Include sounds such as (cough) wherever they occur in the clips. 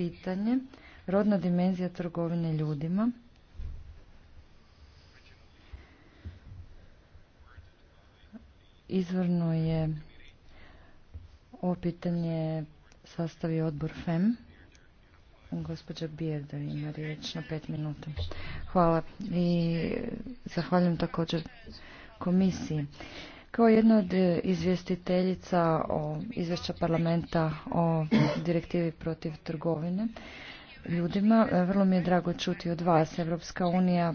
pitanje, rodna dimenzija trgovine ljudima. Izvrno je ovo pitanje sastavi odbor FEM. Gospođa Bijerda ima riječ na pet minuta. Hvala i zahvaljujem također komisiji. Kao jedna od e, izvjestiteljica o izvješća parlamenta o direktivi protiv trgovine ljudima, e, vrlo mi je drago čuti od vas. Evropska unija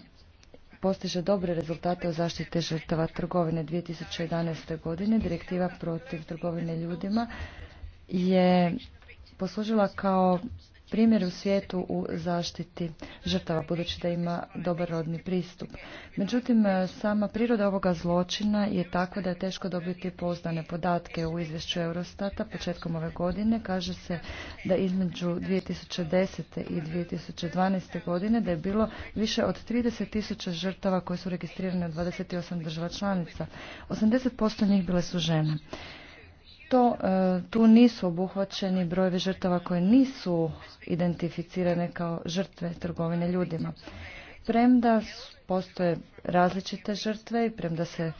postiže dobre rezultate u zaštite žrtava trgovine 2011. godine. Direktiva protiv trgovine ljudima je poslužila kao primjer u svijetu u zaštiti žrtava, budući da ima dobar rodni pristup. Međutim, sama priroda ovoga zločina je takva da je teško dobiti poznane podatke u izvješću Eurostata početkom ove godine. Kaže se da između 2010. i 2012. godine da je bilo više od 30.000 tisuća žrtava koje su registrirane u 28 država članica. 80% njih bile su žene to, e, tu nisu obuhvaćeni brojevi žrtava koje nisu identificirane kao žrtve trgovine ljudima. Premda postoje različite žrtve i premda se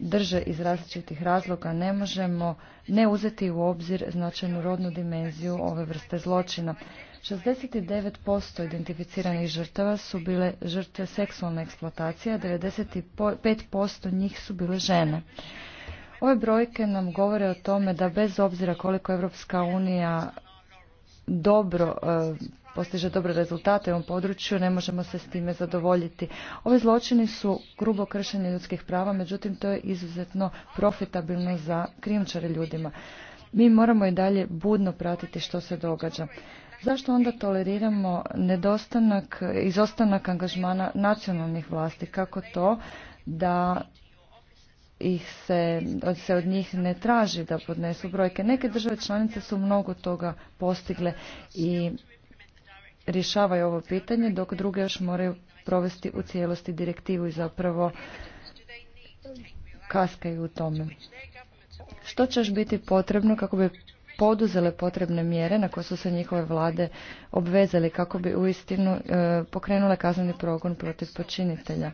drže iz različitih razloga, ne možemo ne uzeti u obzir značajnu rodnu dimenziju ove vrste zločina. 69% identificiranih žrtava su bile žrtve seksualne eksploatacije, a 95% njih su bile žene. Ove brojke nam govore o tome da bez obzira koliko Evropska unija dobro e, postiže dobre rezultate u ovom području, ne možemo se s time zadovoljiti. Ovi zločini su grubo kršenje ljudskih prava, međutim to je izuzetno profitabilno za krijumčare ljudima. Mi moramo i dalje budno pratiti što se događa. Zašto onda toleriramo nedostanak, izostanak angažmana nacionalnih vlasti? Kako to da ih se, se od njih ne traži da podnesu brojke. Neke države članice su mnogo toga postigle i rješavaju ovo pitanje, dok druge još moraju provesti u cijelosti direktivu i zapravo kaskaju u tome. Što će još biti potrebno kako bi poduzele potrebne mjere na koje su se njihove vlade obvezali kako bi uistinu e, pokrenule kazneni progon protiv počinitelja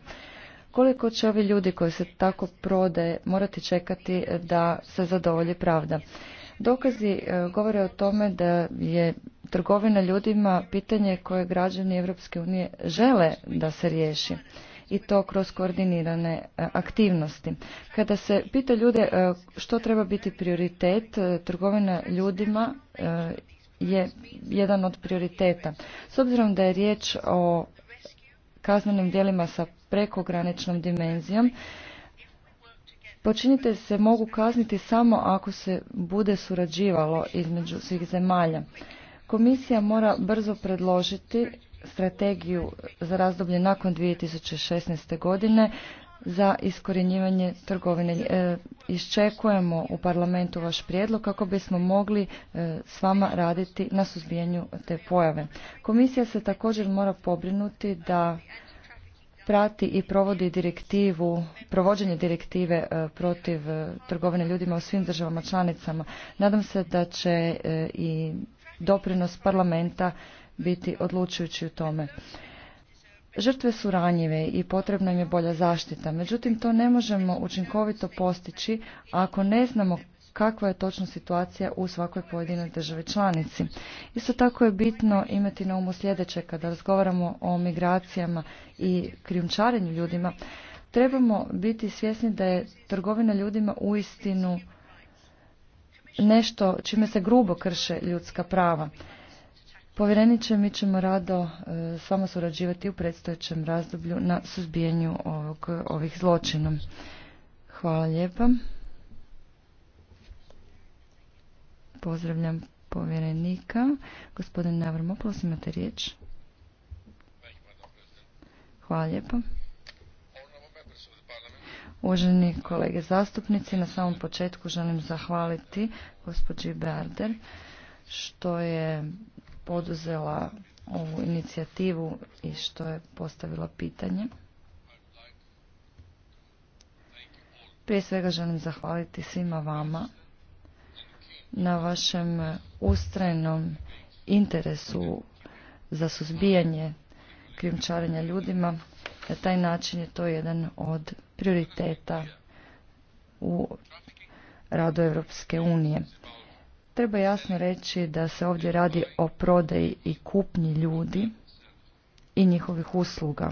koliko će ovi ljudi koji se tako prode morati čekati da se zadovolji pravda. Dokazi e, govore o tome da je trgovina ljudima pitanje koje građani Europske unije žele da se riješi i to kroz koordinirane e, aktivnosti. Kada se pita ljude e, što treba biti prioritet, trgovina ljudima je jedan od prioriteta. S obzirom da je riječ o kaznenim djelima sa prekograničnom dimenzijom, Počinite se mogu kazniti samo ako se bude surađivalo između svih zemalja. Komisija mora brzo predložiti strategiju za razdoblje nakon 2016. godine za iskorjenjivanje trgovine. E, iščekujemo u parlamentu vaš prijedlog kako bismo mogli e, s vama raditi na suzbijanju te pojave. Komisija se također mora pobrinuti da prati i provodi direktivu, provođenje direktive e, protiv e, trgovine ljudima u svim državama članicama. Nadam se da će e, i doprinos parlamenta biti odlučujući u tome. Žrtve su ranjive i potrebna im je bolja zaštita, međutim to ne možemo učinkovito postići ako ne znamo kakva je točno situacija u svakoj pojedinoj državi članici. Isto tako je bitno imati na umu sljedeće kada razgovaramo o migracijama i krijumčarenju ljudima. Trebamo biti svjesni da je trgovina ljudima uistinu nešto čime se grubo krše ljudska prava. Povjereniče, mi ćemo rado e, s vama surađivati u predstojećem razdoblju na suzbijanju ovog, ovih zločina. Hvala lijepa. Pozdravljam povjerenika. Gospodin Navramopoulos, imate riječ. Hvala lijepo. Uvaženi kolege zastupnici, na samom početku želim zahvaliti gospođi Berder što je poduzela ovu inicijativu i što je postavila pitanje. Prije svega želim zahvaliti svima vama na vašem ustrajnom interesu za suzbijanje krijumčarenja ljudima. Na taj način je to jedan od prioriteta u radu Europske unije. Treba jasno reći da se ovdje radi o prodaji i kupnji ljudi i njihovih usluga.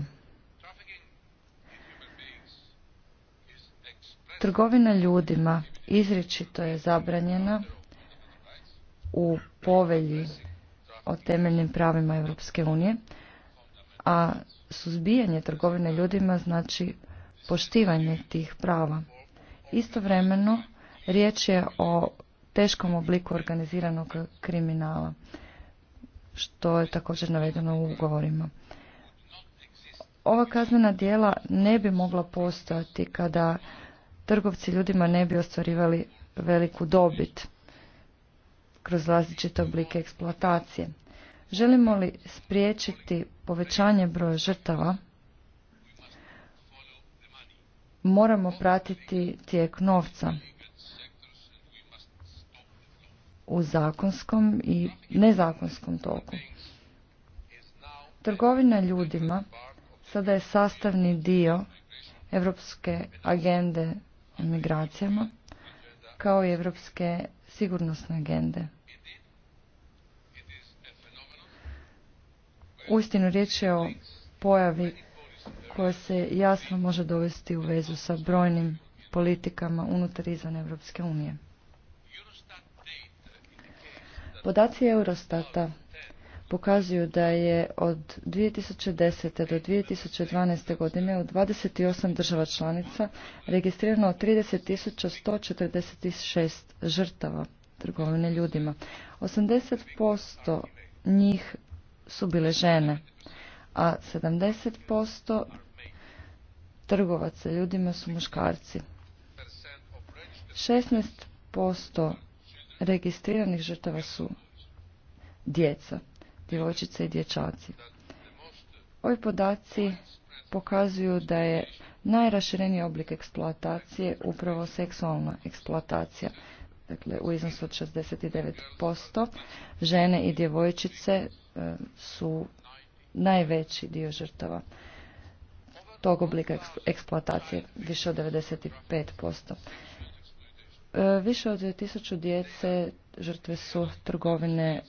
Trgovina ljudima izričito je zabranjena u povelji o temeljnim pravima Europske unije, a suzbijanje trgovine ljudima znači poštivanje tih prava. Istovremeno, riječ je o teškom obliku organiziranog kriminala, što je također navedeno u ugovorima. Ova kaznena dijela ne bi mogla postojati kada trgovci ljudima ne bi ostvarivali veliku dobit kroz različite oblike eksploatacije. Želimo li spriječiti povećanje broja žrtava, moramo pratiti tijek novca u zakonskom i nezakonskom toku. Trgovina ljudima sada je sastavni dio Europske agende o migracijama kao i evropske sigurnosne agende. Uistinu riječ je o pojavi koja se jasno može dovesti u vezu sa brojnim politikama unutar izvan Europske unije. Podaci Eurostata pokazuju da je od 2010. do 2012. godine u 28 država članica registrirano 30.146 žrtava trgovine ljudima. 80% njih su bile žene, a 70% trgovaca ljudima su muškarci. 16% registriranih žrtava su djeca djevojčice i dječaci. Ovi podaci pokazuju da je najrašireniji oblik eksploatacije upravo seksualna eksploatacija. Dakle, u iznosu od 69% žene i djevojčice e, su najveći dio žrtava tog oblika eksploatacije, više od 95%. E, više od 1000 djece žrtve su trgovine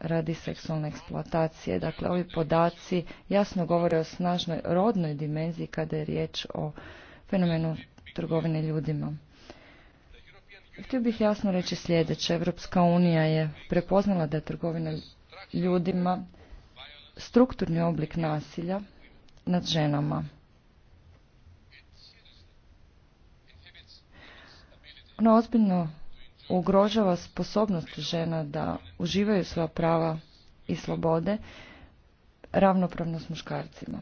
radi seksualne eksploatacije. Dakle, ovi podaci jasno govore o snažnoj rodnoj dimenziji kada je riječ o fenomenu trgovine ljudima. Htio bih jasno reći sljedeće. Evropska unija je prepoznala da je trgovina ljudima strukturni oblik nasilja nad ženama. Ona ozbiljno ugrožava sposobnost žena da uživaju svoja prava i slobode ravnopravno s muškarcima.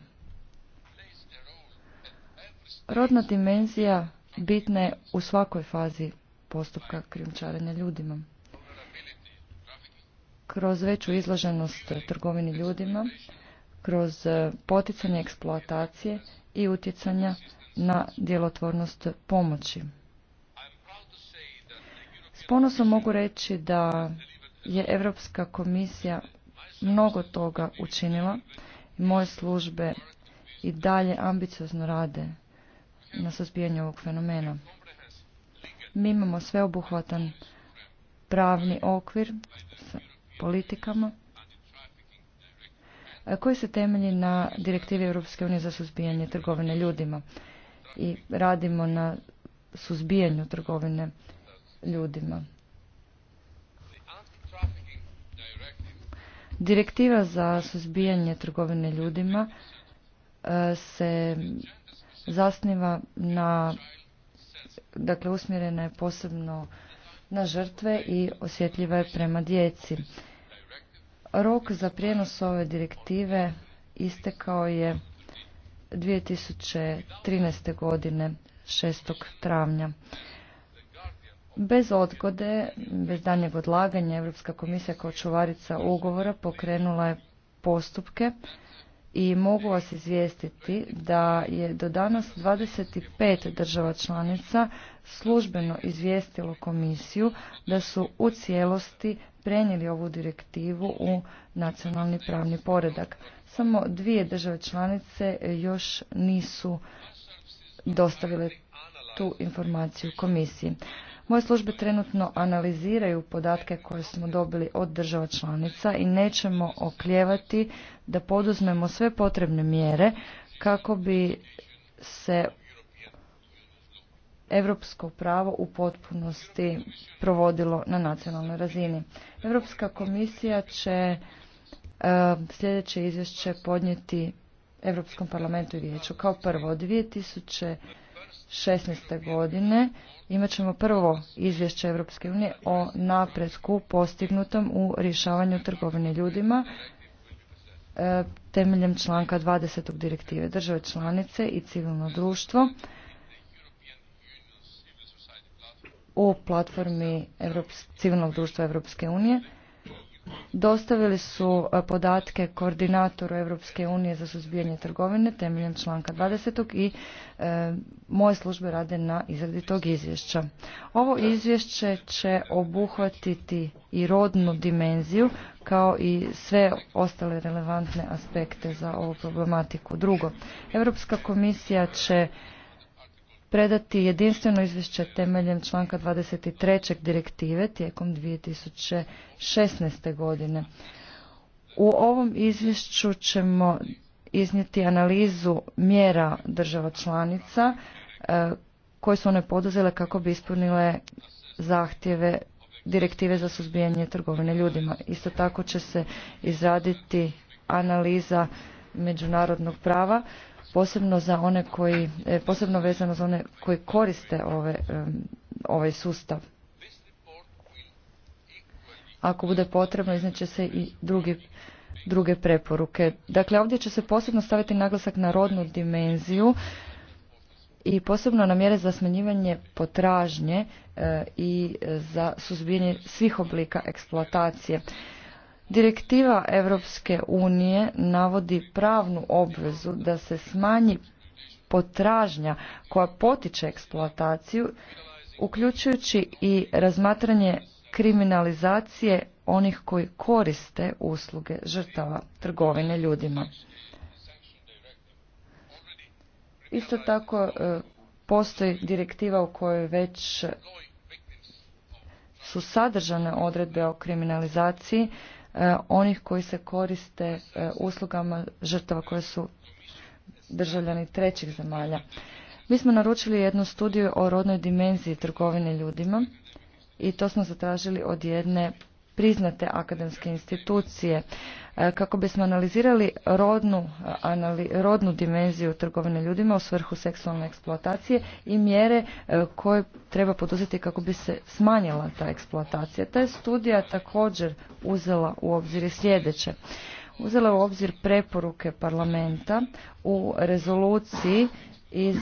Rodna dimenzija bitna je u svakoj fazi postupka krijumčarenja ljudima. Kroz veću izloženost trgovini ljudima, kroz poticanje eksploatacije i utjecanja na djelotvornost pomoći. Ponosno ponosom mogu reći da je Europska komisija mnogo toga učinila. Moje službe i dalje ambiciozno rade na suzbijanju ovog fenomena. Mi imamo sveobuhvatan pravni okvir sa politikama koji se temelji na direktivi Europske unije za suzbijanje trgovine ljudima i radimo na suzbijanju trgovine ljudima. Direktiva za suzbijanje trgovine ljudima e, se zasniva na, dakle usmjerena je posebno na žrtve i osjetljiva je prema djeci. Rok za prijenos ove direktive istekao je 2013. godine 6. travnja. Bez odgode, bez danjeg odlaganja, Europska komisija kao čuvarica ugovora pokrenula je postupke i mogu vas izvijestiti da je do danas 25 država članica službeno izvijestilo komisiju da su u cijelosti prenijeli ovu direktivu u nacionalni pravni poredak. Samo dvije države članice još nisu dostavile tu informaciju komisiji. Moje službe trenutno analiziraju podatke koje smo dobili od država članica i nećemo okljevati da poduzmemo sve potrebne mjere kako bi se europsko pravo u potpunosti provodilo na nacionalnoj razini. Evropska komisija će e, sljedeće izvješće podnijeti Evropskom parlamentu i vijeću. Kao prvo, 2000 2016. godine imat ćemo prvo izvješće Europske unije o napretku postignutom u rješavanju trgovine ljudima e, temeljem članka 20. direktive države članice i civilno društvo u platformi civilnog društva Europske unije dostavili su e, podatke koordinatoru Europske unije za suzbijanje trgovine temeljem članka 20. i e, moje službe rade na izradi tog izvješća. Ovo izvješće će obuhvatiti i rodnu dimenziju kao i sve ostale relevantne aspekte za ovu problematiku. Drugo, Europska komisija će predati jedinstveno izvješće temeljem članka 23. direktive tijekom 2016. godine. U ovom izvješću ćemo iznijeti analizu mjera država članica e, koje su one poduzele kako bi ispunile zahtjeve direktive za suzbijanje trgovine ljudima. Isto tako će se izraditi analiza međunarodnog prava posebno za one koji, e, posebno vezano za one koji koriste ove, ovaj sustav. Ako bude potrebno, izneće se i drugi druge preporuke. Dakle, ovdje će se posebno staviti naglasak na rodnu dimenziju i posebno na mjere za smanjivanje potražnje e, i za suzbijanje svih oblika eksploatacije. Direktiva Europske unije navodi pravnu obvezu da se smanji potražnja koja potiče eksploataciju, uključujući i razmatranje kriminalizacije onih koji koriste usluge žrtava trgovine ljudima. Isto tako e, postoji direktiva u kojoj već su sadržane odredbe o kriminalizaciji E, onih koji se koriste e, uslugama žrtava koje su državljani trećih zemalja. Mi smo naručili jednu studiju o rodnoj dimenziji trgovine ljudima i to smo zatražili od jedne priznate akademske institucije e, kako bismo analizirali rodnu, rodnu dimenziju trgovine ljudima u svrhu seksualne eksploatacije i mjere e, koje treba poduzeti kako bi se smanjila ta eksploatacija. Ta je studija također uzela u obzir sljedeće. Uzela u obzir preporuke parlamenta u rezoluciji iz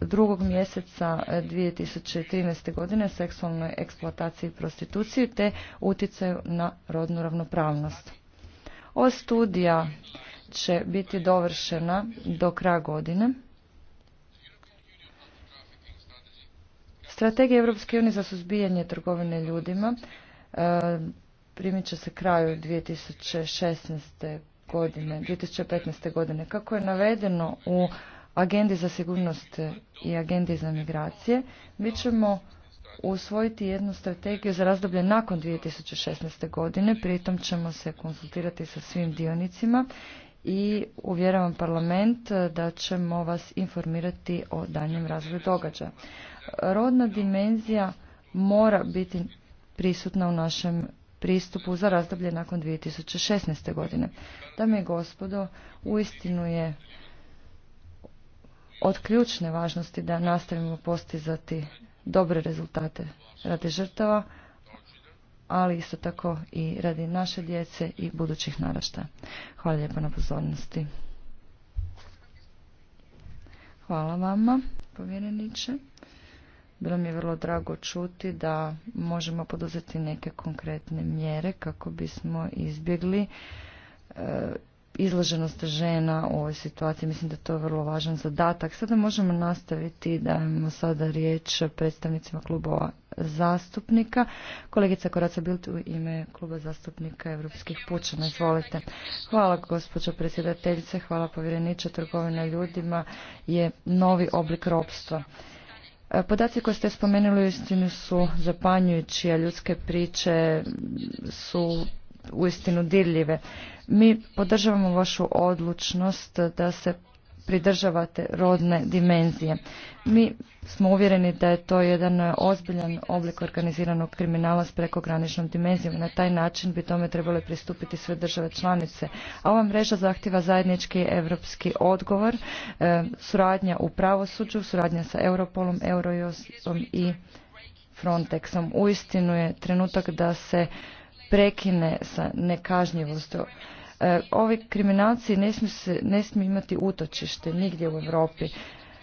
drugog mjeseca 2013. E, godine seksualnoj eksploataciji i prostituciji te utjecaju na rodnu ravnopravnost. Ova studija će biti dovršena do kraja godine. Strategija Europske unije za suzbijanje trgovine ljudima e, primit će se kraju 2016. godine, 2015. godine. Kako je navedeno u Agende za sigurnost i agende za migracije, mi ćemo usvojiti jednu strategiju za razdoblje nakon 2016. godine, pritom ćemo se konsultirati sa svim dionicima i uvjeravam parlament da ćemo vas informirati o danjem razvoju događaja. Rodna dimenzija mora biti prisutna u našem pristupu za razdoblje nakon 2016. godine. Dame i gospodo, uistinu je od ključne važnosti da nastavimo postizati dobre rezultate radi žrtava, ali isto tako i radi naše djece i budućih naraštaja. Hvala lijepo na pozornosti. Hvala vama, povjereniče. Bilo mi je vrlo drago čuti da možemo poduzeti neke konkretne mjere kako bismo izbjegli e, izloženost žena u ovoj situaciji. Mislim da to je vrlo važan zadatak. Sada možemo nastaviti da imamo sada riječ predstavnicima klubova zastupnika. Kolegica Koraca Bilt u ime kluba zastupnika Europskih pučana. Izvolite. Hvala gospođo predsjedateljice, hvala povjereniče. Trgovina ljudima je novi oblik ropstva. Podaci koje ste spomenuli u istinu su zapanjujući, a ljudske priče su uistinu dirljive. Mi podržavamo vašu odlučnost da se pridržavate rodne dimenzije. Mi smo uvjereni da je to jedan ozbiljan oblik organiziranog kriminala s prekograničnom dimenzijom. Na taj način bi tome trebale pristupiti sve države članice. A ova mreža zahtjeva zajednički europski odgovor, e, suradnja u pravosuđu, suradnja sa Europolom, Eurojustom i Frontexom. Uistinu je trenutak da se prekine sa nekažnjivostom. E, ovi kriminalci ne smiju, se, ne smiju imati utočište nigdje u Europi.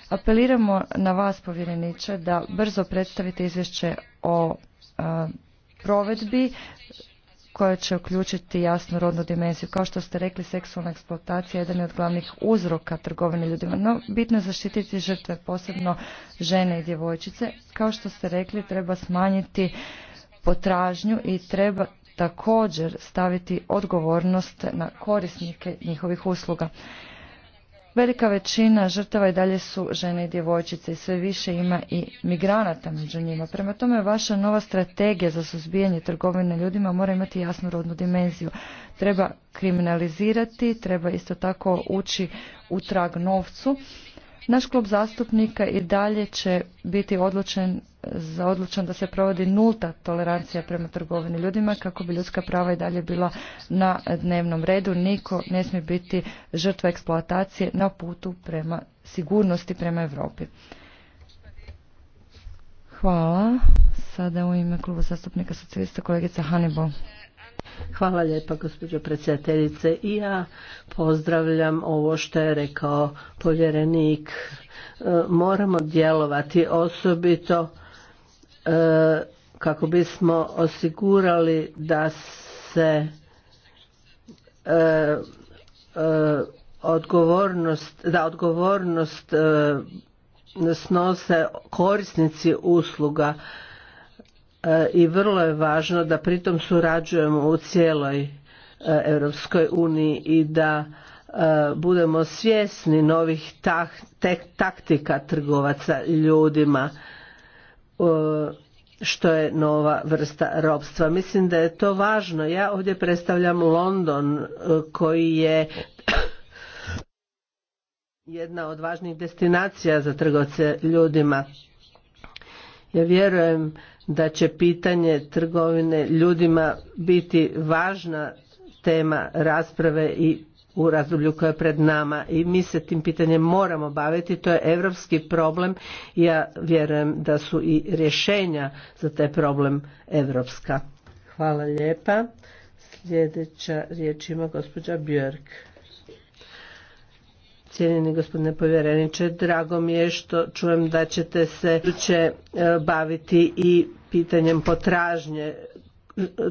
Apeliramo na vas, povjereniče, da brzo predstavite izvješće o e, provedbi koja će uključiti jasnu rodnu dimenziju. Kao što ste rekli, seksualna eksploatacija je jedan od glavnih uzroka trgovine ljudima. No, bitno je zaštititi žrtve, posebno žene i djevojčice. Kao što ste rekli, treba smanjiti potražnju i treba također staviti odgovornost na korisnike njihovih usluga. Velika većina žrtava i dalje su žene i djevojčice i sve više ima i migranata među njima. Prema tome, vaša nova strategija za suzbijanje trgovine ljudima mora imati jasnu rodnu dimenziju. Treba kriminalizirati, treba isto tako ući u trag novcu naš klub zastupnika i dalje će biti odlučen za odlučan da se provodi nulta tolerancija prema trgovini ljudima kako bi ljudska prava i dalje bila na dnevnom redu. Niko ne smije biti žrtva eksploatacije na putu prema sigurnosti prema Europi. Hvala. Sada u ime kluba zastupnika socijalista kolegica Hannibal. Hvala lijepa gospođo predsjedateljice i ja pozdravljam ovo što je rekao povjerenik. E, moramo djelovati osobito e, kako bismo osigurali da se e, odgovornost, da odgovornost snose korisnici usluga E, i vrlo je važno da pritom surađujemo u cijeloj e, Europskoj uniji i da e, budemo svjesni novih taktika trgovaca ljudima što je nova vrsta robstva. Mislim da je to važno. Ja ovdje predstavljam London koji je (coughs) jedna od važnijih destinacija za trgovce ljudima. Ja vjerujem da će pitanje trgovine ljudima biti važna tema rasprave i u razdoblju koje je pred nama i mi se tim pitanjem moramo baviti, to je europski problem i ja vjerujem da su i rješenja za taj problem europska. Hvala lijepa. Sljedeća riječ ima gospođa Björk. Cijenjeni gospodine povjereniče, drago mi je što čujem da ćete se će e, baviti i pitanjem potražnje.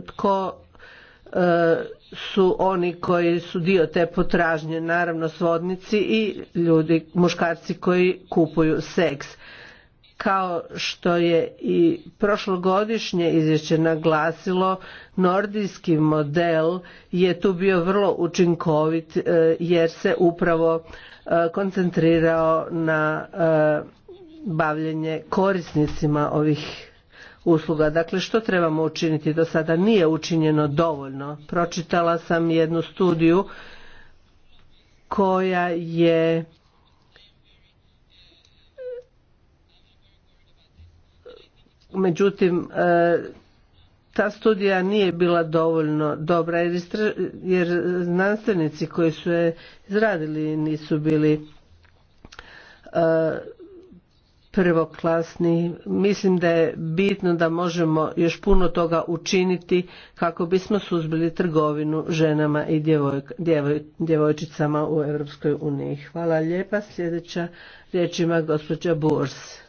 Tko e, su oni koji su dio te potražnje, naravno svodnici i ljudi, muškarci koji kupuju seks. Kao što je i prošlogodišnje izvješće naglasilo, nordijski model je tu bio vrlo učinkovit e, jer se upravo Eh, koncentrirao na eh, bavljenje korisnicima ovih usluga. Dakle, što trebamo učiniti do sada? Nije učinjeno dovoljno. Pročitala sam jednu studiju koja je međutim eh, ta studija nije bila dovoljno dobra jer, istra, znanstvenici koji su je izradili nisu bili e, prvoklasni. Mislim da je bitno da možemo još puno toga učiniti kako bismo suzbili trgovinu ženama i djevojčicama u Europskoj uniji. Hvala lijepa. Sljedeća riječ ima gospođa Burs.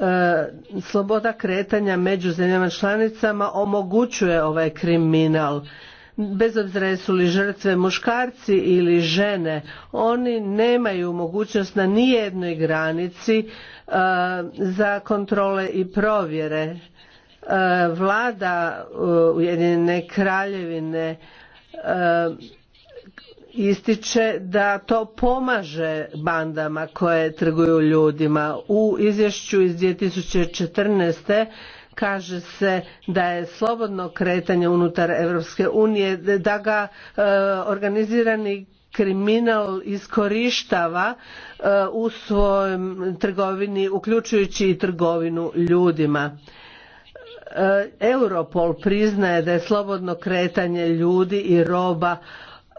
E, sloboda kretanja među zemljama članicama omogućuje ovaj kriminal bez obzira jesu li žrtve muškarci ili žene oni nemaju mogućnost na nijednoj granici e, za kontrole i provjere e, vlada ujedinjene kraljevine ističe da to pomaže bandama koje trguju ljudima. U izvješću iz 2014 kaže se da je slobodno kretanje unutar Europske unije da ga e, organizirani kriminal iskorištava e, u svojoj trgovini uključujući i trgovinu ljudima. E, Europol priznaje da je slobodno kretanje ljudi i roba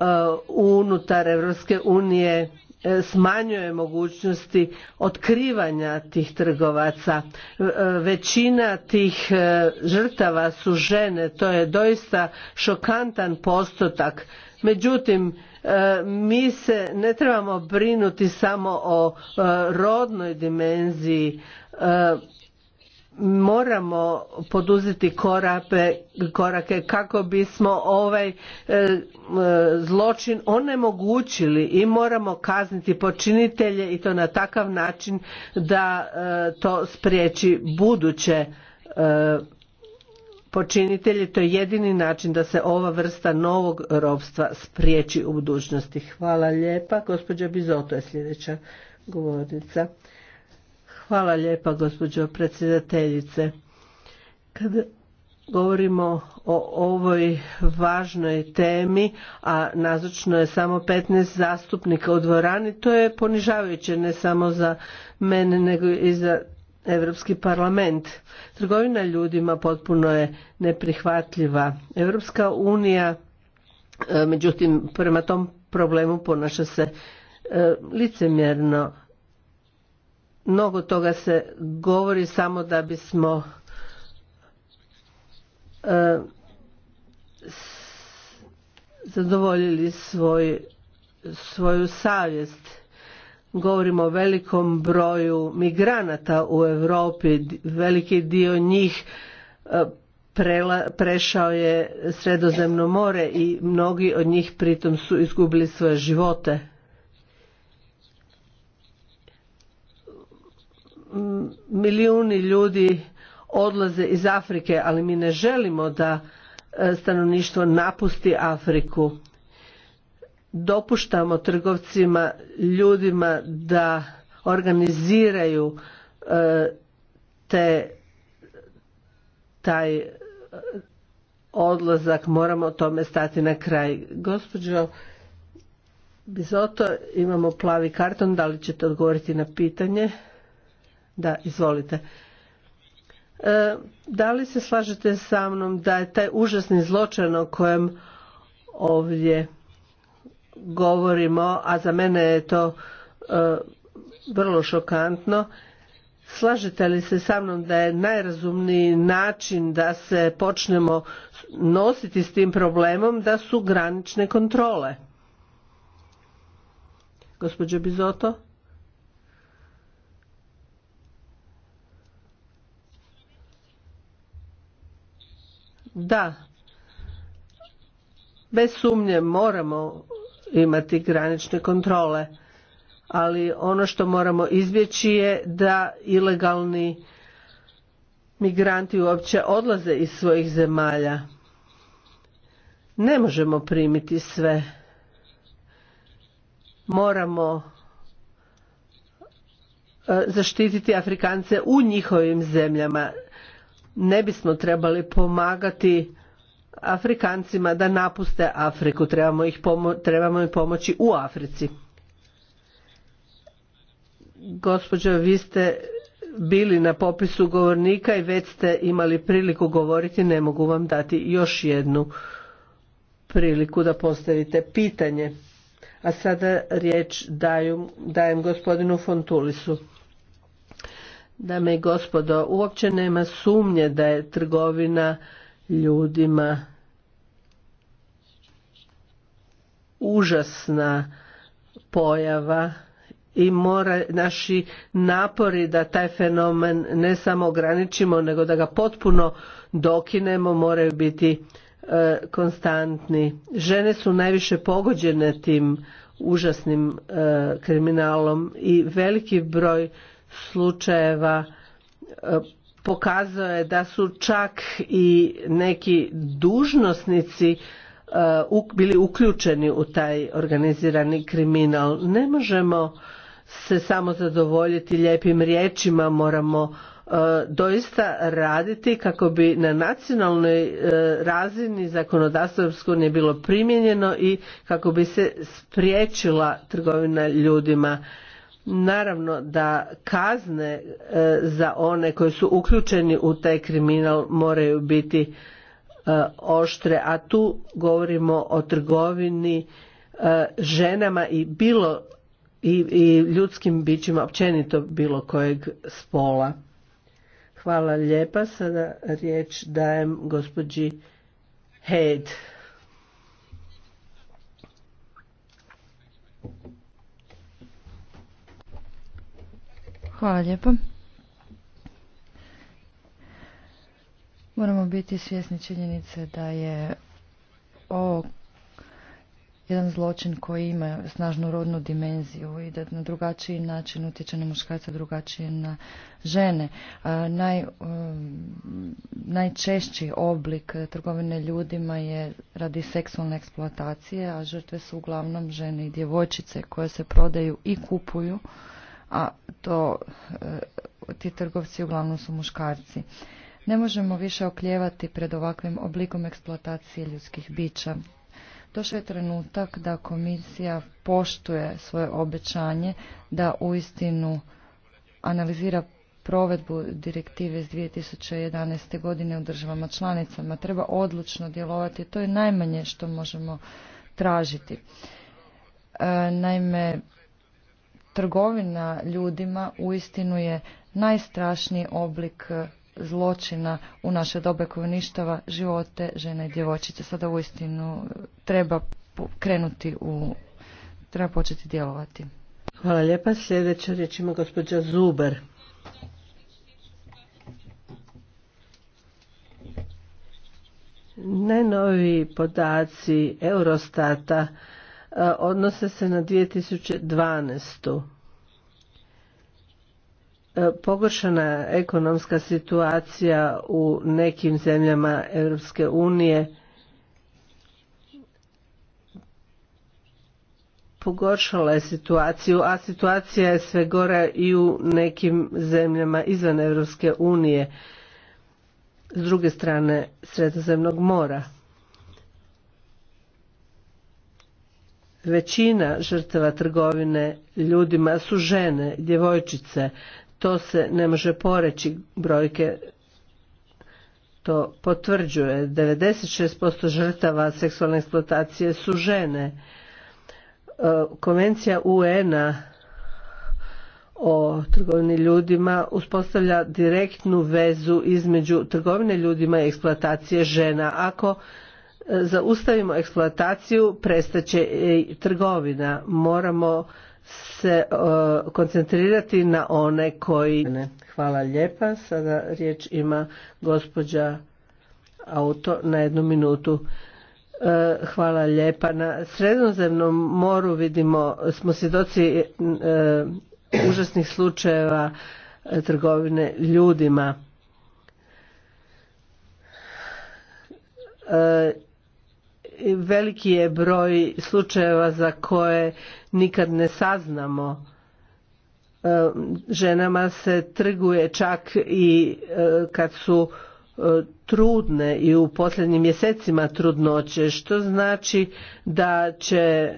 Uh, unutar Europske unije uh, smanjuje mogućnosti otkrivanja tih trgovaca. Uh, većina tih žrtava su žene, to je doista šokantan postotak. Međutim, mi se ne trebamo brinuti samo o rodnoj dimenziji moramo poduzeti korake kako bismo ovaj e, e, zločin onemogućili i moramo kazniti počinitelje i to na takav način da e, to spriječi buduće počinitelje. To je jedini način da se ova vrsta novog robstva spriječi u budućnosti. Hvala lijepa. Gospođa Bizoto je sljedeća govornica. Hvala lijepa gospođo predsjedateljice. Kada govorimo o ovoj važnoj temi, a nazočno je samo 15 zastupnika u dvorani, to je ponižavajuće ne samo za mene nego i za Europski parlament. Trgovina ljudima potpuno je neprihvatljiva. Europska unija, e, međutim, prema tom problemu ponaša se e, licemjerno mnogo toga se govori samo da bismo e, zadovoljili svoj, svoju savjest govorimo o velikom broju migranata u Europi veliki dio njih e, prešao je sredozemno more i mnogi od njih pritom su izgubili svoje živote milijuni ljudi odlaze iz Afrike, ali mi ne želimo da e, stanovništvo napusti Afriku. Dopuštamo trgovcima, ljudima da organiziraju e, te taj e, odlazak, moramo tome stati na kraj. Gospođo Bizoto, imamo plavi karton, da li ćete odgovoriti na pitanje? Da, izvolite. E, da li se slažete sa mnom da je taj užasni zločin o kojem ovdje govorimo, a za mene je to e, vrlo šokantno, slažete li se sa mnom da je najrazumniji način da se počnemo nositi s tim problemom da su granične kontrole? Gospođo Bizoto? Da, bez sumnje moramo imati granične kontrole, ali ono što moramo izbjeći je da ilegalni migranti uopće odlaze iz svojih zemalja. Ne možemo primiti sve. Moramo e, zaštititi Afrikance u njihovim zemljama ne bismo trebali pomagati Afrikancima da napuste Afriku, trebamo, im pomoći u Africi. Gospođo, vi ste bili na popisu govornika i već ste imali priliku govoriti, ne mogu vam dati još jednu priliku da postavite pitanje. A sada riječ dajem, dajem gospodinu Fontulisu. Dame i gospodo, uopće nema sumnje da je trgovina ljudima užasna pojava i mora naši napori da taj fenomen ne samo ograničimo nego da ga potpuno dokinemo moraju biti e, konstantni. Žene su najviše pogođene tim užasnim e, kriminalom i veliki broj slučajeva e, pokazao je da su čak i neki dužnosnici e, bili uključeni u taj organizirani kriminal. Ne možemo se samo zadovoljiti lijepim riječima, moramo e, doista raditi kako bi na nacionalnoj razini zakonodavstvo nije bilo primijenjeno i kako bi se spriječila trgovina ljudima. Naravno da kazne e, za one koji su uključeni u taj kriminal moraju biti e, oštre, a tu govorimo o trgovini e, ženama i bilo i, i ljudskim bićima općenito bilo kojeg spola. Hvala lijepa. Sada riječ dajem gospođi Hed. Hvala lijepo. Moramo biti svjesni činjenice da je ovo jedan zločin koji ima snažnu rodnu dimenziju i da na drugačiji način utječe na muškarca, drugačije na žene. naj, um, najčešći oblik trgovine ljudima je radi seksualne eksploatacije, a žrtve su uglavnom žene i djevojčice koje se prodaju i kupuju a to e, ti trgovci uglavnom su muškarci. Ne možemo više okljevati pred ovakvim oblikom eksploatacije ljudskih bića. Došao je trenutak da komisija poštuje svoje obećanje da uistinu analizira provedbu direktive iz 2011. godine u državama članicama. Treba odlučno djelovati, to je najmanje što možemo tražiti. E, naime, trgovina ljudima uistinu je najstrašniji oblik e, zločina u naše dobe koje uništava živote žene i djevojčice. Sada uistinu e, treba krenuti u, treba početi djelovati. Hvala lijepa. Sljedeća riječ ima gospođa Zuber. Najnoviji podaci Eurostata E, odnose se na 2012. E, pogoršana ekonomska situacija u nekim zemljama Europske unije pogoršala je situaciju, a situacija je sve gora i u nekim zemljama izvan Europske unije s druge strane Sredozemnog mora. većina žrtava trgovine ljudima su žene, djevojčice. To se ne može poreći brojke to potvrđuje. 96% žrtava seksualne eksploatacije su žene. E, Konvencija UN-a o trgovini ljudima uspostavlja direktnu vezu između trgovine ljudima i eksploatacije žena. Ako zaustavimo eksploataciju prestaće e, trgovina moramo se e, koncentrirati na one koji hvala lijepa sada riječ ima gospođa auto na jednu minutu e, hvala lijepa na sredozemnom moru vidimo smo svjedoci užasnih slučajeva trgovine ljudima veliki je broj slučajeva za koje nikad ne saznamo e, ženama se trguje čak i e, kad su e, trudne i u posljednjim mjesecima trudnoće što znači da će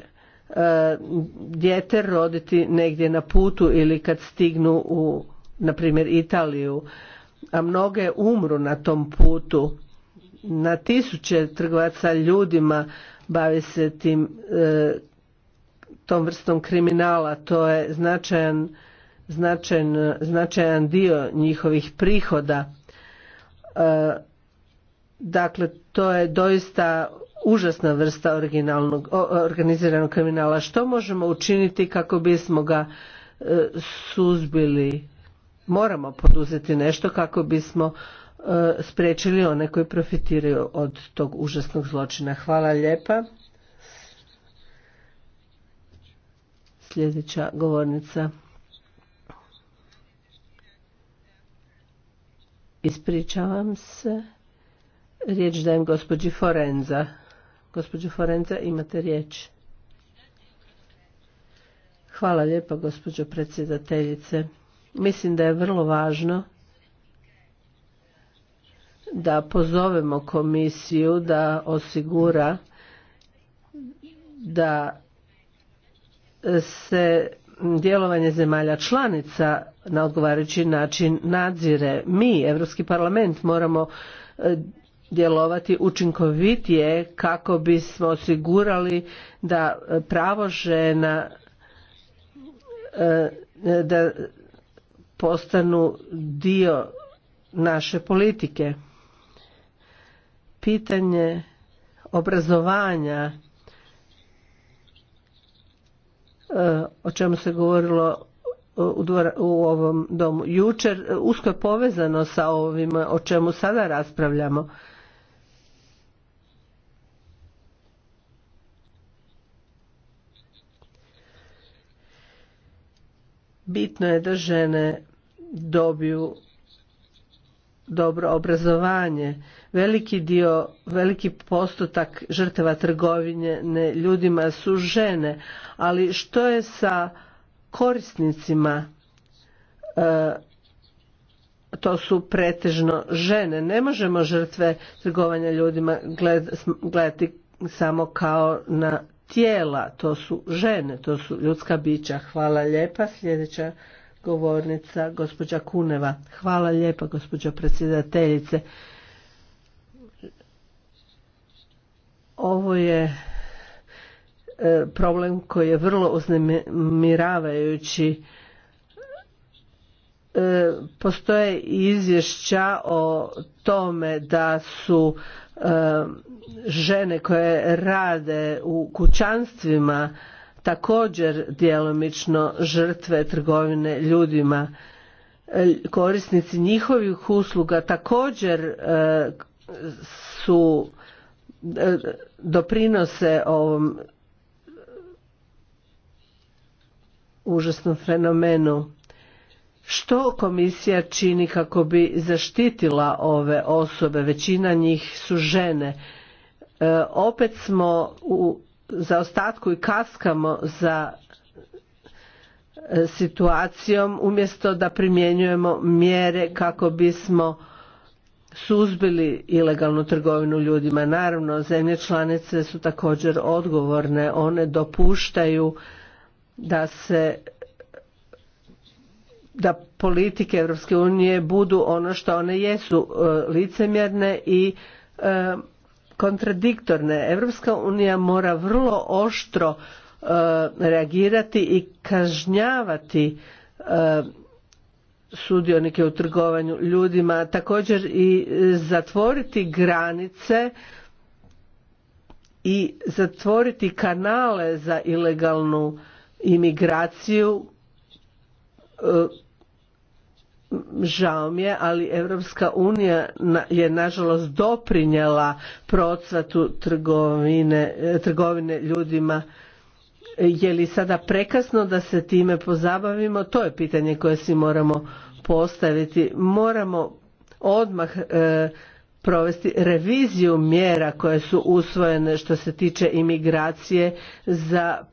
dijete roditi negdje na putu ili kad stignu u na primjer Italiju a mnoge umru na tom putu na tisuće trgovaca ljudima bavi se tim e, tom vrstom kriminala to je značajan značajan, značajan dio njihovih prihoda e, dakle to je doista užasna vrsta originalnog, organiziranog kriminala što možemo učiniti kako bismo ga e, suzbili moramo poduzeti nešto kako bismo E, spriječili one koji profitiraju od tog užasnog zločina. Hvala lijepa. Sljedeća govornica. Ispričavam se. Riječ dajem gospođi Forenza. Gospođo Forenza, imate riječ. Hvala lijepa, gospođo predsjedateljice. Mislim da je vrlo važno da pozovemo komisiju da osigura da se djelovanje zemalja članica na odgovarajući način nadzire. Mi, Europski parlament, moramo e, djelovati učinkovitije kako bismo osigurali da pravo žena e, da postanu dio naše politike pitanje obrazovanja e, o čemu se govorilo u ovom domu jučer e, usko je povezano sa ovim o čemu sada raspravljamo bitno je da žene dobiju dobro obrazovanje Veliki dio, veliki postotak žrtava trgovine ne, ljudima su žene, ali što je sa korisnicima e, to su pretežno žene. Ne možemo žrtve trgovanja ljudima gledati samo kao na tijela. To su žene, to su ljudska bića. Hvala lijepa. Sljedeća govornica, gospođa Kuneva. Hvala lijepa, gospođo predsjedateljice. Ovo je e, problem koji je vrlo uznemiravajući. E, postoje izvješća o tome da su e, žene koje rade u kućanstvima također djelomično žrtve trgovine ljudima. Korisnici njihovih usluga također su doprinose ovom užasnom fenomenu. Što komisija čini kako bi zaštitila ove osobe? Većina njih su žene. E, opet smo u zaostatku i kaskamo za e, situacijom umjesto da primjenjujemo mjere kako bismo suzbili ilegalnu trgovinu ljudima. Naravno, zemlje članice su također odgovorne. One dopuštaju da se da politike Europske unije budu ono što one jesu e, licemjerne i e, kontradiktorne. Europska unija mora vrlo oštro e, reagirati i kažnjavati sudionike u trgovanju ljudima, također i e, zatvoriti granice i zatvoriti kanale za ilegalnu imigraciju. E, žao mi je, ali Europska unija je nažalost doprinijela procvatu trgovine e, ljudima je li sada prekasno da se time pozabavimo to je pitanje koje si moramo postaviti moramo odmah e, provesti reviziju mjera koje su usvojene što se tiče imigracije za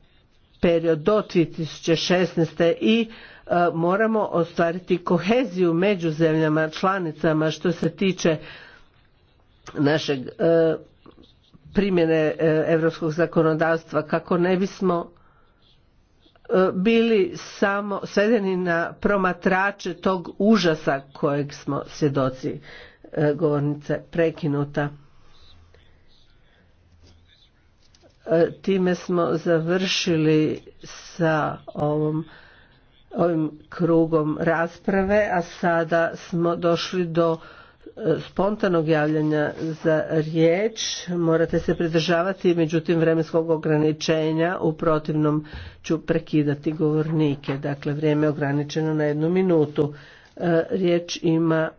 period do 2016. i e, moramo ostvariti koheziju među zemljama članicama što se tiče našeg e, primjene europskog zakonodavstva kako ne bismo e, bili samo svedeni na promatrače tog užasa kojeg smo svjedoci e, govornice prekinuta e, time smo završili sa ovom ovim krugom rasprave a sada smo došli do spontanog javljanja za riječ. Morate se pridržavati, međutim, vremenskog ograničenja. U protivnom ću prekidati govornike. Dakle, vrijeme je ograničeno na jednu minutu. E, riječ ima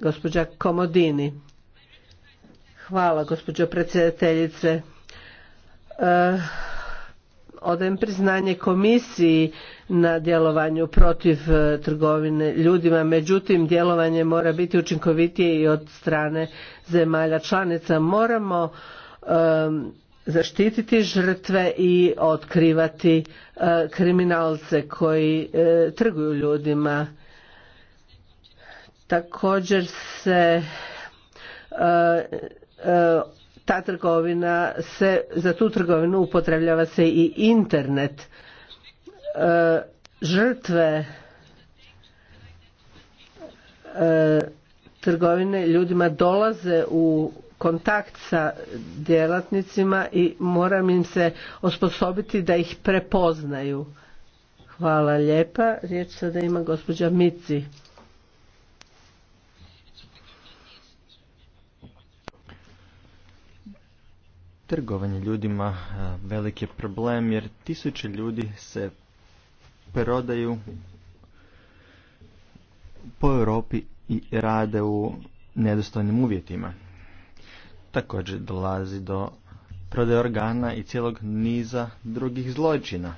gospođa Komodini. Hvala, gospođo predsjedateljice. E, odajem priznanje komisiji na djelovanju protiv e, trgovine ljudima. Međutim, djelovanje mora biti učinkovitije i od strane zemalja članica. Moramo e, zaštititi žrtve i otkrivati e, kriminalce koji trguju ljudima. Također se ta trgovina se, za tu trgovinu upotrebljava se i internet žrtve e, trgovine ljudima dolaze u kontakt sa djelatnicima i moram im se osposobiti da ih prepoznaju. Hvala lijepa. Riječ sada ima gospođa Mici. Trgovanje ljudima e, velik je problem jer tisuće ljudi se prodaju po Europi i rade u nedostojnim uvjetima. Također dolazi do prodaje organa i cijelog niza drugih zločina.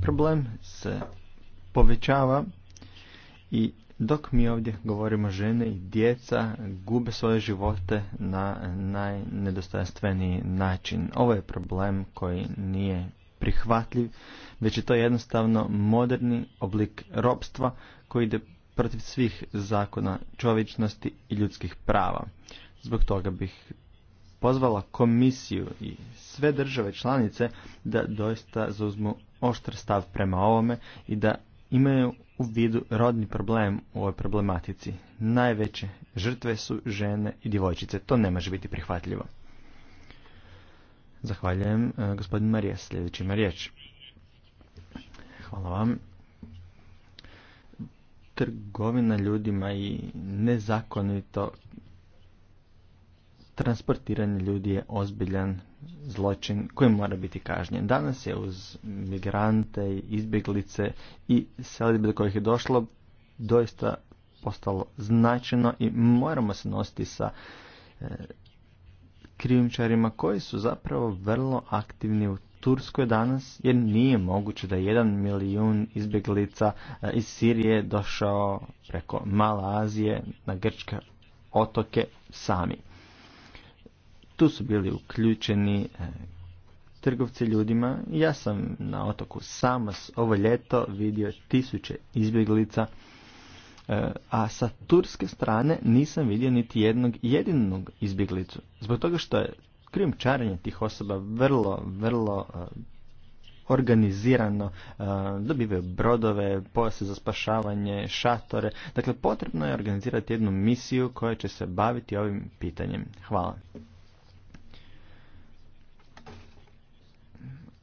Problem se povećava i dok mi ovdje govorimo žene i djeca gube svoje živote na najnedostojanstveniji način. Ovo je problem koji nije prihvatljiv, već je to jednostavno moderni oblik robstva koji ide protiv svih zakona čovječnosti i ljudskih prava. Zbog toga bih pozvala komisiju i sve države članice da doista zauzmu oštr stav prema ovome i da imaju u vidu rodni problem u ovoj problematici. Najveće žrtve su žene i djevojčice. To ne može biti prihvatljivo. Zahvaljujem. E, gospodin Marija, sljedeći ima riječ. Hvala vam. Trgovina ljudima i nezakonito transportiranje ljudi je ozbiljan zločin koji mora biti kažnjen. Danas je uz migrante i izbjeglice i selitbe do kojih je došlo doista postalo značajno i moramo se nositi sa e, koji su zapravo vrlo aktivni u Turskoj danas jer nije moguće da jedan milijun izbjeglica e, iz Sirije došao preko Mala Azije na Grčke otoke sami. Tu su bili uključeni e, trgovci ljudima. Ja sam na otoku Samos ovo ljeto vidio tisuće izbjeglica, e, a sa turske strane nisam vidio niti jednog jedinog izbjeglicu. Zbog toga što je krijumčarenje tih osoba vrlo, vrlo e, organizirano, dobivaju brodove, pojase za spašavanje, šatore. Dakle, potrebno je organizirati jednu misiju koja će se baviti ovim pitanjem. Hvala.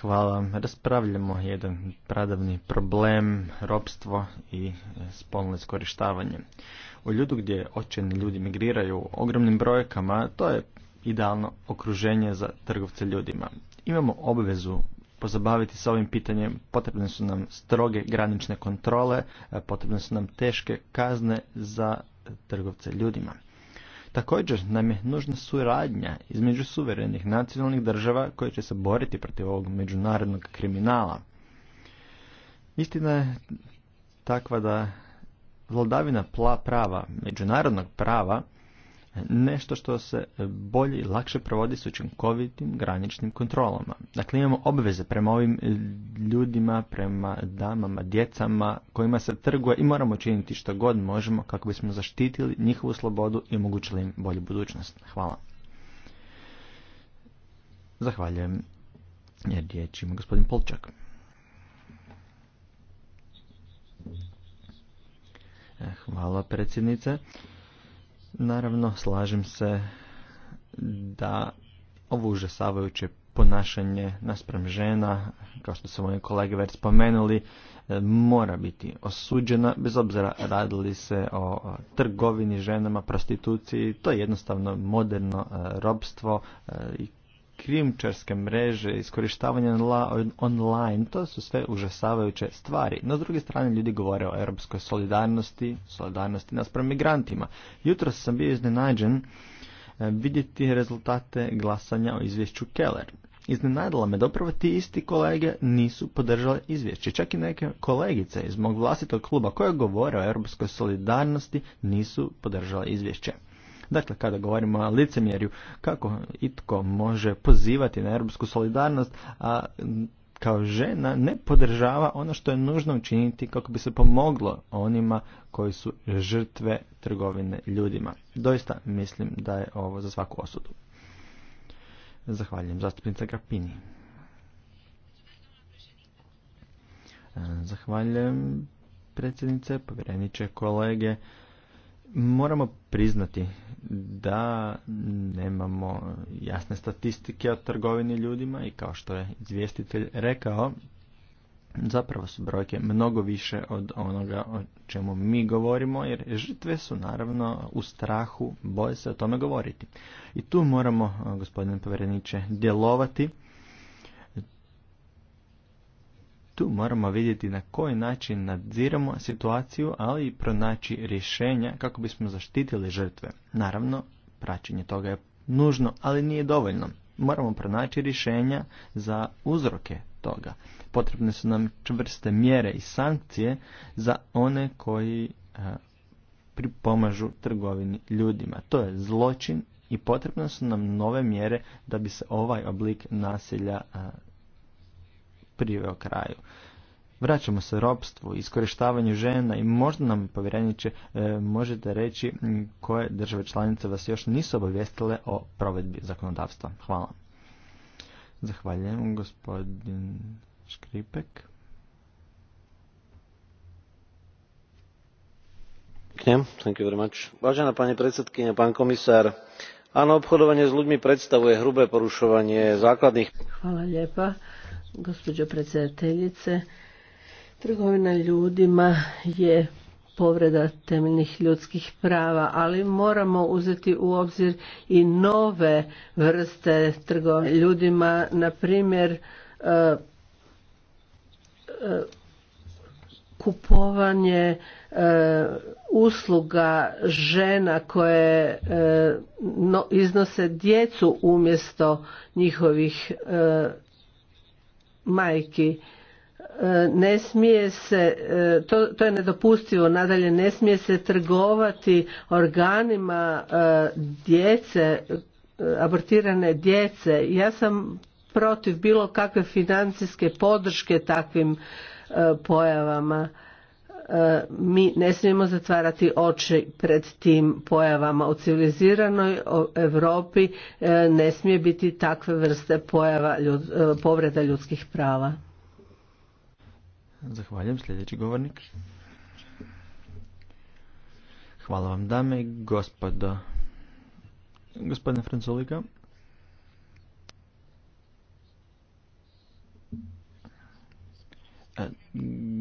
Hvala. Raspravljamo jedan pradavni problem, ropstvo i spolno iskorištavanje. U ljudu gdje očeni ljudi migriraju u ogromnim brojkama, to je idealno okruženje za trgovce ljudima. Imamo obvezu pozabaviti se ovim pitanjem, potrebne su nam stroge granične kontrole, potrebne su nam teške kazne za trgovce ljudima. Također nam je nužna suradnja između suverenih nacionalnih država koje će se boriti protiv ovog međunarodnog kriminala. Istina je takva da vladavina prava, međunarodnog prava, nešto što se bolje i lakše provodi s učinkovitim graničnim kontrolama. Dakle, imamo obveze prema ovim ljudima, prema damama, djecama kojima se trguje i moramo činiti što god možemo kako bismo zaštitili njihovu slobodu i omogućili im bolju budućnost. Hvala. Zahvaljujem. Jer riječ ima gospodin Polčak. Hvala predsjednice. Naravno, slažem se da ovo užasavajuće ponašanje naspram žena, kao što su moje kolege već spomenuli, e, mora biti osuđena, bez obzira radili se o trgovini ženama, prostituciji, to je jednostavno moderno e, robstvo e, i krimčarske mreže, iskorištavanje online, to su sve užasavajuće stvari. No, s druge strane, ljudi govore o europskoj solidarnosti, solidarnosti naspram migrantima. Jutro sam bio iznenađen e, vidjeti rezultate glasanja o izvješću Keller. Iznenadila me upravo ti isti kolege nisu podržali izvješće. Čak i neke kolegice iz mog vlastitog kluba koje govore o europskoj solidarnosti nisu podržale izvješće. Dakle, kada govorimo o licemjerju, kako itko može pozivati na europsku solidarnost, a kao žena ne podržava ono što je nužno učiniti kako bi se pomoglo onima koji su žrtve trgovine ljudima. Doista mislim da je ovo za svaku osudu. Zahvaljujem zastupnica Grapini. Zahvaljujem predsjednice, povjereniče, kolege. Moramo priznati da nemamo jasne statistike o trgovini ljudima i kao što je izvjestitelj rekao, zapravo su brojke mnogo više od onoga o čemu mi govorimo, jer žrtve su naravno u strahu, boje se o tome govoriti. I tu moramo, gospodine povjereniče, djelovati Tu moramo vidjeti na koji način nadziramo situaciju, ali i pronaći rješenja kako bismo zaštitili žrtve. Naravno, praćenje toga je nužno, ali nije dovoljno. Moramo pronaći rješenja za uzroke toga. Potrebne su nam čvrste mjere i sankcije za one koji pripomažu trgovini ljudima. To je zločin i potrebne su nam nove mjere da bi se ovaj oblik nasilja priveo kraju. Vraćamo se robstvu, iskorištavanju žena i možda nam povjereniče e, možete reći koje države članice vas još nisu obavijestile o provedbi zakonodavstva. Hvala. Zahvaljujem gospodin Škripek. vážená pani predsedkyňa pán komisár áno obchodovanie s ľuďmi predstavuje hrubé porušovanie základných. hvala lijepa gospođo predsjedateljice. Trgovina ljudima je povreda temeljnih ljudskih prava, ali moramo uzeti u obzir i nove vrste trgovine ljudima, na primjer e, e, kupovanje e, usluga žena koje iznose djecu umjesto njihovih majki. E, ne smije se, e, to, je nedopustivo nadalje, ne smije se trgovati organima e, djece, abortirane djece. Ja sam protiv bilo kakve financijske podrške takvim pojavama E, mi ne smijemo zatvarati oči pred tim pojavama u civiliziranoj Europi e, ne smije biti takve vrste pojava e, povreda ljudskih prava. Zahvaljujem sljedeći govornik. Hvala vam dame i gospodo. Gospodine Franculika.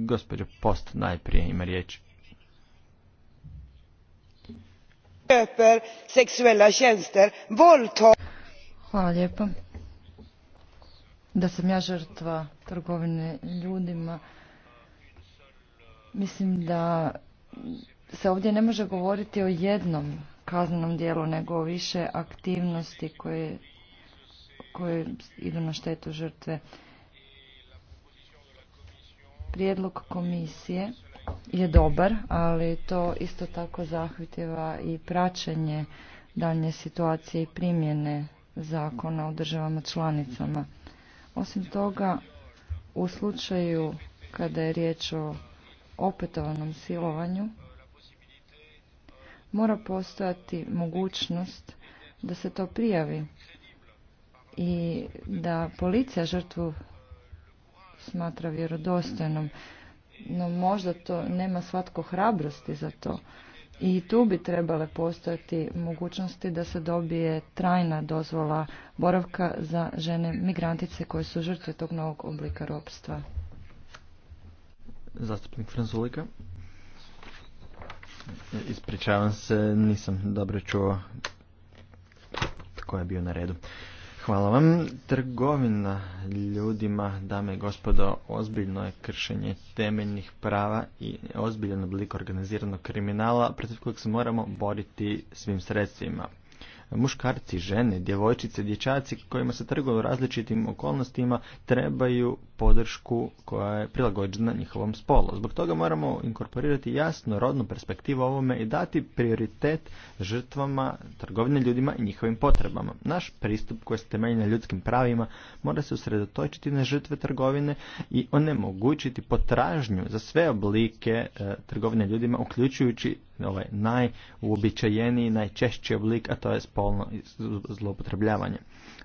Gospođo Post najprije ima riječ. Hvala lijepo. Da sam ja žrtva trgovine ljudima, mislim da se ovdje ne može govoriti o jednom kaznenom djelu nego o više aktivnosti koje, koje idu na štetu žrtve. Prijedlog komisije je dobar, ali to isto tako zahvitiva i praćenje daljnje situacije i primjene zakona u državama članicama. Osim toga, u slučaju kada je riječ o opetovanom silovanju, mora postojati mogućnost da se to prijavi i da policija žrtvu smatra vjerodostojnom. No možda to nema svatko hrabrosti za to. I tu bi trebale postojati mogućnosti da se dobije trajna dozvola boravka za žene migrantice koje su žrtve tog novog oblika ropstva. Zastupnik Franzulika. Ispričavam se, nisam dobro čuo tko je bio na redu. Hvala vam. Trgovina ljudima, dame i gospodo, ozbiljno je kršenje temeljnih prava i ozbiljan oblik organiziranog kriminala protiv kojeg se moramo boriti svim sredstvima muškarci, žene, djevojčice, dječaci kojima se trguju u različitim okolnostima trebaju podršku koja je prilagođena njihovom spolu. Zbog toga moramo inkorporirati jasno rodnu perspektivu ovome i dati prioritet žrtvama, trgovine ljudima i njihovim potrebama. Naš pristup koji se temelji na ljudskim pravima mora se usredotočiti na žrtve trgovine i onemogućiti potražnju za sve oblike e, trgovine ljudima uključujući ovaj najuobičajeniji, najčešći oblik, a to je spolno zloupotrebljavanje.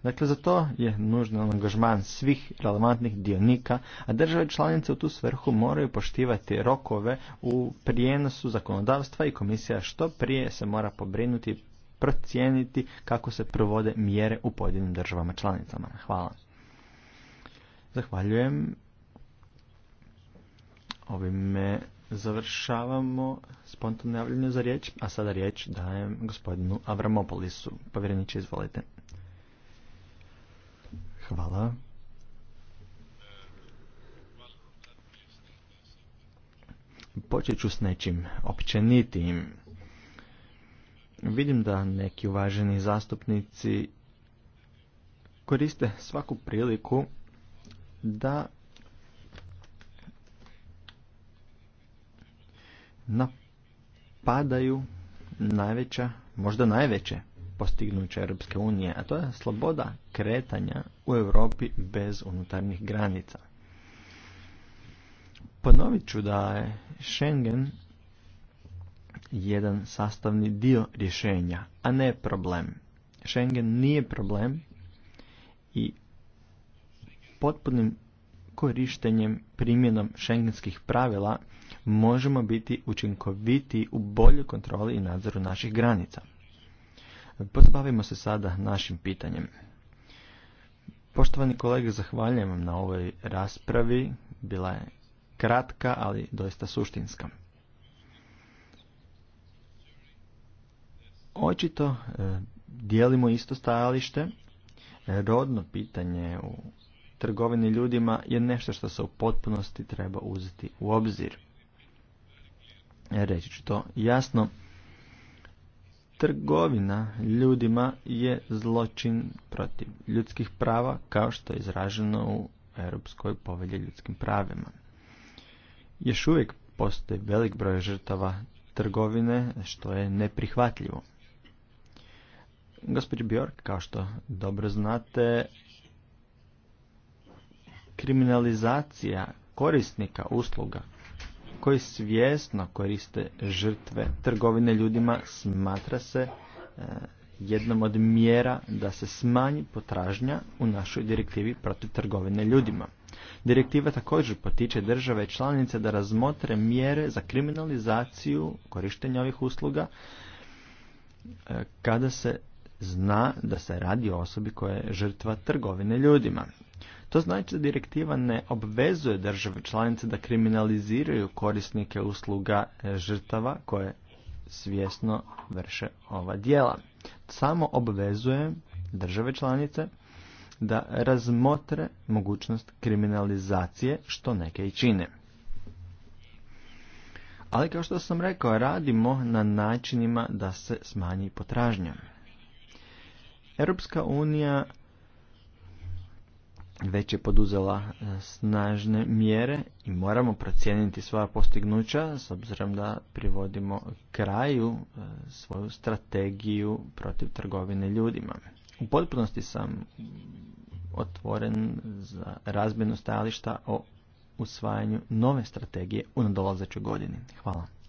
Dakle, za to je nužan angažman svih relevantnih dionika, a države članice u tu svrhu moraju poštivati rokove u prijenosu zakonodavstva i komisija što prije se mora pobrinuti procijeniti kako se provode mjere u pojedinim državama članicama. Hvala. Zahvaljujem. Ovime završavamo spontano javljanje za riječ, a sada riječ dajem gospodinu Avramopolisu. Povjereniče, izvolite. Hvala. Počet ću s nečim općenitim. Vidim da neki uvaženi zastupnici koriste svaku priliku da napadaju najveća, možda najveće postignuće Europske unije, a to je sloboda kretanja u Europi bez unutarnjih granica. Ponovit ću da je Schengen jedan sastavni dio rješenja, a ne problem. Schengen nije problem i potpunim korištenjem primjenom šengenskih pravila možemo biti učinkoviti u boljoj kontroli i nadzoru naših granica. Pozbavimo se sada našim pitanjem. Poštovani kolege, zahvaljujem vam na ovoj raspravi. Bila je kratka, ali doista suštinska. Očito e, dijelimo isto stajalište. E, rodno pitanje u trgovini ljudima je nešto što se u potpunosti treba uzeti u obzir reći ću to jasno, trgovina ljudima je zločin protiv ljudskih prava kao što je izraženo u Europskoj povelji ljudskim pravima. Još uvijek postoji velik broj žrtava trgovine što je neprihvatljivo. Gospodin Bjork, kao što dobro znate, kriminalizacija korisnika usluga koji svjesno koriste žrtve trgovine ljudima smatra se e, jednom od mjera da se smanji potražnja u našoj direktivi protiv trgovine ljudima. Direktiva također potiče države i članice da razmotre mjere za kriminalizaciju korištenja ovih usluga e, kada se zna da se radi o osobi koja je žrtva trgovine ljudima. To znači da direktiva ne obvezuje države članice da kriminaliziraju korisnike usluga e, žrtava koje svjesno vrše ova djela. Samo obvezuje države članice da razmotre mogućnost kriminalizacije što neke i čine. Ali kao što sam rekao, radimo na načinima da se smanji potražnja. Europska unija već je poduzela e, snažne mjere i moramo procijeniti svoja postignuća s obzirom da privodimo kraju e, svoju strategiju protiv trgovine ljudima. U potpunosti sam otvoren za razmjenu stajališta o usvajanju nove strategije u nadolazećoj godini. Hvala.